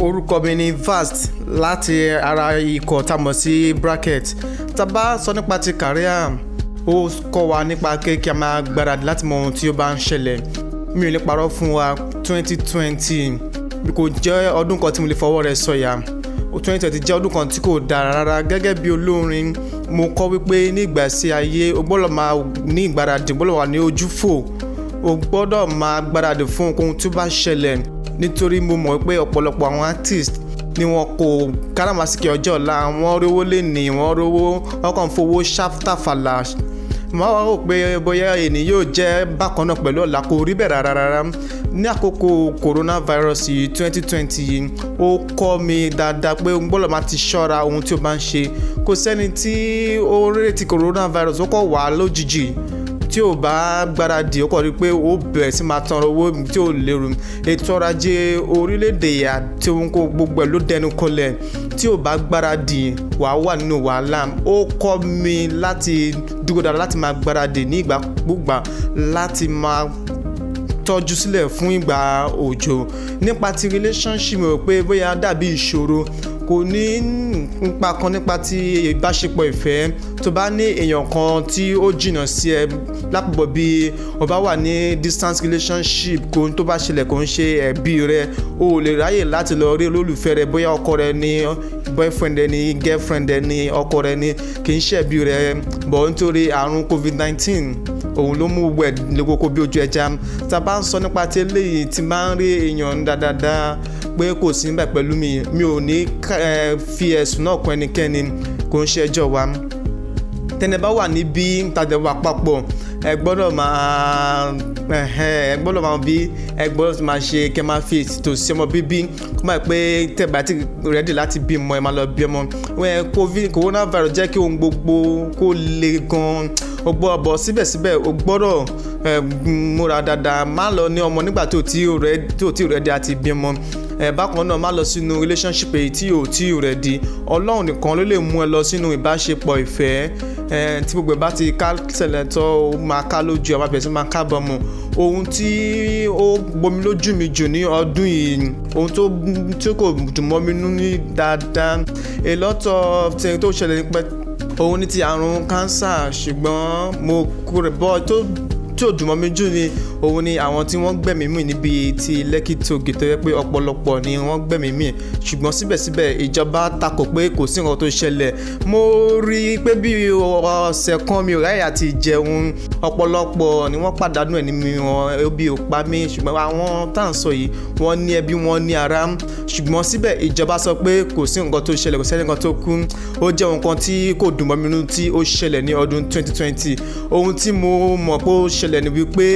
orúkọ mi ni vast láti ara ikọ̀ tá a mọ̀ sí bracket tá a bá sọ nípa ti career ó kọ́ wa nípa kéèké a máa gbáradì láti mọ ohun tí ó bá ń ṣẹlẹ̀ mi ò lè parọ́ fún wa twenty twenty kò jẹ́ ọdún kan tí mo lè fọwọ́ rẹ̀ sọ̀yà twenty jẹ́ ọdún kan tí kò dára rárá gẹ́gẹ́ bí olórin mo kọ́ wípé ní ìgbà sí ayé o gbọ́dọ̀ máa ní ìgbáradì o gbọ́dọ̀ wà ní ojú fò o gbọ́dọ̀ máa gbáradì fún ohunkóhun tó bá ṣẹlẹ̀ nítorí mo mọ̀ pé ọ̀pọ̀lọpọ̀ àwọn artist ni wọn kò káràmásìkì ọjọ́ ọ̀la wọn rówó lè nì wọn rówó wọn kàn fowó ṣáfítàfàlà máa wá rò pé bóyá ènìyàn yóò jẹ́ bákan náà pẹ̀lú ọ̀la kò rí bẹ́ẹ̀ rárá ní àkókò coronavirus yìí twenty twenty yìí ó kọ́ mi dáadáa pé n gbọ́dọ̀ máa ti ṣọ́ra ohun tí o bá ń ṣe kò sẹ́ni tí ó retí coronavirus ó kọ̀ wá lójijì tí ò bá gbáradì ó kọ̀ rí pé ó bẹ̀rẹ̀ sí máa tanra owó tí ò lérò ètò ọrọ̀ ajé orílẹ̀-èdè àti ohun kó gbogbo ẹ̀ ló dẹnu kọlẹ̀ tí ò bá gbáradì wàá wà nínú wàhálà ó kọ́ mi láti dúró dára láti máa gbáradì ní ìgbàkúgbà láti máa tọ́jú sílẹ̀ fún ìgbà òjò nípa ti relationship mi rò pé bóyá dàbí ìṣòro kò ní nípa kan nípa ti ìbáṣepọ̀ ìfẹ́ tó bá ní èèyàn kan tí ó jìnnà sí ẹ lápapọ̀ bí o bá wà ní distance relationship kò tó bá ṣẹlẹ̀ kò ń ṣe ẹbí rẹ o ò lè ráyè láti lọ rí olólùfẹ́ rẹ bóyá ọkọ rẹ ní boyfriend rẹ ní girlfriend rẹ ní ọkọ rẹ ní kì í ṣẹ̀bí rẹ bọ̀ nítorí àrùn covid-19 òun ló mú gbogbo ẹ̀dínlógókó bí ojú ẹja tá a bá ń sọ nípa tí eléyìí ti máa ń rí èèyàn dáadáa pé kò sí níbẹ̀ pẹ̀lú mi mi ò ní fi ẹ̀sùn náà kan ẹnikẹ́ni kò ń ṣe ẹjọ́ wa tẹ́nẹ̀ bá wà níbí tàdé wà papọ̀ ẹ gbọ́dọ̀ máa ẹ gbọ́dọ̀ máa bí ẹ gbọ́dọ̀ máa ṣe kẹ́ máa fi ètò sí ọmọ bíbí kó máa pé tẹ̀gbà tí rẹ́dì láti bí ọmọ ẹ máa lọ bí ọmọ covid coronavirus jẹ́ kí ohun gbogbo kó le gan-an o gbọ́ bọ̀ síbẹ̀síbẹ̀ o gbọ́dọ̀ múra dáadáa má lọ ní ọmọ nígbà tó ti rẹ́dì àti bí ọmọ bákan náà má lọ sínú relationship èyí tí ò tí ò rẹ̀ di ọlọ́run nìkan ló lè mú ẹ lọ sínú ìbáṣepọ̀ ìfẹ́ tí gbogbo ẹ bá ti ká ṣẹlẹ̀ tó máa ká lójú ẹ máa bẹ̀rẹ̀ sí máa ká bọ́mu ohun tí ó gbomi lójú mi jù ní ọdún yìí ohun tó tí kò dùn mọ́ mi nú ní dáadáa a lot of things tó ṣẹlẹ̀ nípa òun ní ti àrùn cancer ṣùgbọ́n mo kúrẹ̀ bọ́ tó tí ò dùnmọ́ mi jù ni òun ni àwọn tí wọ́n gbẹ̀mí mì níbi ti Lekki Toll tó yẹ pé ọ̀pọ̀lọpọ̀ ni wọ́n gbẹ̀mí mì ṣùgbọ́n síbẹ̀síbẹ̀ ìjọba takò pé kò sí nǹkan tó ṣẹlẹ̀ mo rí i pé bí ọ̀sẹ̀ kan mi ò ráyè àti jẹun ọ̀pọ̀lọpọ̀ ni wọ́n pàdánù ẹ̀mí wọn ebi ò pa mí ṣùgbọ́n àwọn tá à ń sọ yìí wọ́n ní ẹbí wọ́n ní ará ṣùgbọ́n síbẹ̀ ìjọba sọ pé kò sí nǹkan tó ṣẹlẹ̀ kò sẹ́ni nǹkan tó kú ó jẹ́ nǹkan tí kò dùn mi nínú tí ó ṣẹlẹ̀ ní ọdún 2020 ohun tí mo mọ̀ pé ṣẹlẹ̀ ni wípé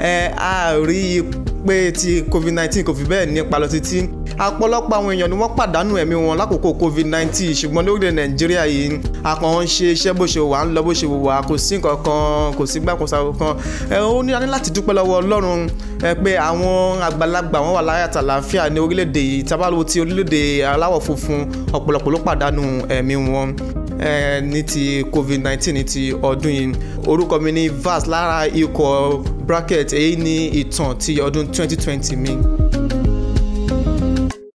ẹ a rí i pé ti covid nineteen kò fi bẹ́ẹ̀ nípa lọ títí àpọ̀lọpọ̀ àwọn èèyàn ni wọ́n pàdánù ẹ̀mí wọn lákòókò covid nineteen ṣùgbọ́n lórílẹ̀ nàìjíríà yìí àkàn ń ṣe iṣẹ́ bó ṣe wà ń lọ bó ṣe wà kò sí nǹkan kan kò sí gbàkóso kan ẹ ó ní láti láti dúpẹ́ lọ́wọ́ ọlọ́run pé àwọn àgbàlagbà wọn wà láyà tàlàáfíà ní orílẹ̀-èdè yìí tábàlù ti orílẹ̀-èdè aláwọ̀ funfun ọ̀pọ̀lọpọ̀ ló pàdánù ẹ̀mí wọn ní ti covid nineteen ní ti ọdún yìí orúkọ mi ní Vaz lára ikọ̀ bracket èyí ní ìtàn ti ọdún twenty twenty mi.